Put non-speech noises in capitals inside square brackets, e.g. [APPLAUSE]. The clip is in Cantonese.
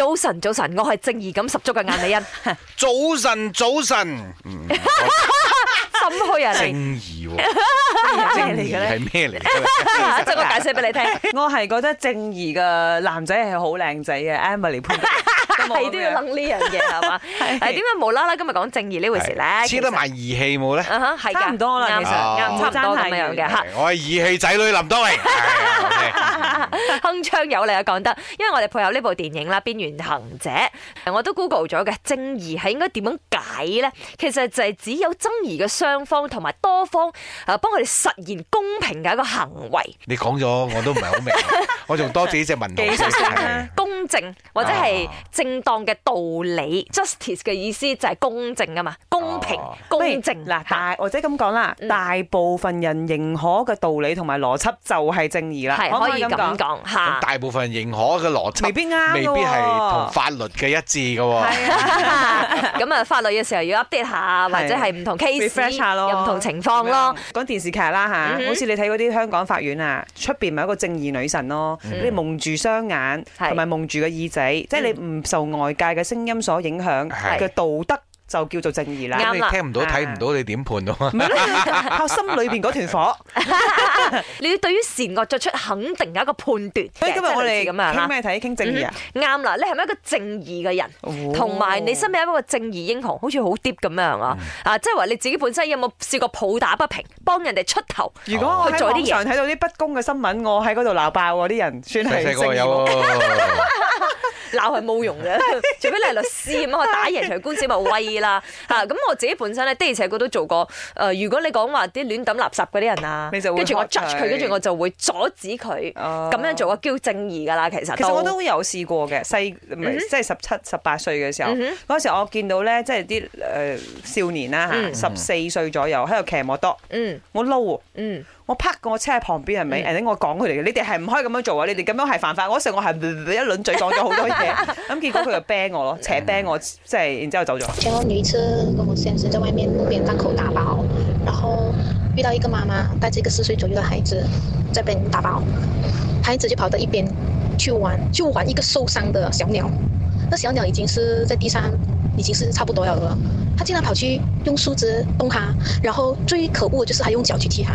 早晨，早晨，我係正義感十足嘅晏美欣。早晨，早晨，心虛啊你！正義喎，正義嚟嘅咧係咩嚟？啊，將我解釋俾你聽。我係覺得正義嘅男仔係好靚仔嘅。Emily 潘，你都要諗呢樣嘢係嘛？係點解無啦啦今日講正義呢回事咧？似得埋義氣冇咧？啊哈，係差唔多啦，其實啱，差唔多咁樣樣嘅。我係義氣仔女林多榮。鏗 [LAUGHS] 鏘有力啊，講得，因為我哋配合呢部電影啦，《邊緣行者》，我都 Google 咗嘅，正義係應該點樣解咧？其實就係只有爭議嘅雙方同埋多方，誒，幫佢哋實現公平嘅一個行為。你講咗，我都唔係好明白， [LAUGHS] 我仲多謝呢只文字，公正或者係正當嘅道理，啊，justice 嘅意思就係公正啊嘛。公平公正啦，大或者咁講啦，大部分人認可嘅道理同埋邏輯就係正義啦。可唔可以咁講吓？大部分人認可嘅邏輯未必啱、啊、未必係同法律嘅一致嘅。咁啊，的的啊的 [LAUGHS] 法律嘅時候要 update 下，或者係唔同 case、唔同情況咯。講電視劇啦吓，好似你睇嗰啲香港法院啊，出邊咪一個正義女神咯、嗯？你蒙住雙眼，同埋蒙住個耳仔，即係你唔受外界嘅聲音所影響嘅道德。就叫做正義啦，啱啦，聽唔到睇唔到，你點判到啊？唔係 [LAUGHS] 靠心裏邊嗰團火 [LAUGHS] 。 [LAUGHS] 你要對於善惡作出肯定嘅一個判斷。所以今日我哋咁啊，傾咩睇傾正義啊？啱、嗯、啦，你係咪一個正義嘅人？同、哦、埋你身邊有一個正義英雄，好似好 deep 咁樣啊、嗯？啊，即係話你自己本身有冇試過抱打不平，幫人哋出頭？如果我喺網上睇到啲不公嘅新聞，我喺嗰度鬧爆嗰啲人算是，算係勝。 [LAUGHS] [LAUGHS] 係 [LAUGHS] 冇用嘅，除非你係律師咁 [LAUGHS] 我打贏場官司咪威啦。吓 [LAUGHS] 咁我自己本身咧，的而且確都做過。誒、呃，如果你講話啲亂抌垃圾嗰啲人啊，跟住我 judge 佢，跟住我就會阻止佢咁、哦、樣做啊，叫正義噶啦。其實其實我都有試過嘅，細即係十七、十八歲嘅時候，嗰、嗯、時候我見到咧，即係啲誒少年啦、啊，吓、嗯、十四歲左右喺度騎摩托，嗯，我撈、啊，嗯。我泊個車喺旁邊，係咪？人哋我講佢嚟嘅，你哋係唔可以咁樣做啊！你哋咁樣係犯法我。嗰時我係一輪嘴講咗好多嘢，咁 [LAUGHS] 結果佢就 ban 我咯，扯 ban 我，即係然之後走咗。前我女一跟我先生在外面路邊檔口打包，然後遇到一個媽媽帶著一個四歲左右的孩子在被人打包，孩子就跑到一邊去玩，去玩一個受傷的小鳥。那小鳥已經是在地上，已經是差不多要咗，他竟然跑去用樹枝動它，然後最可惡就是還用腳去踢它。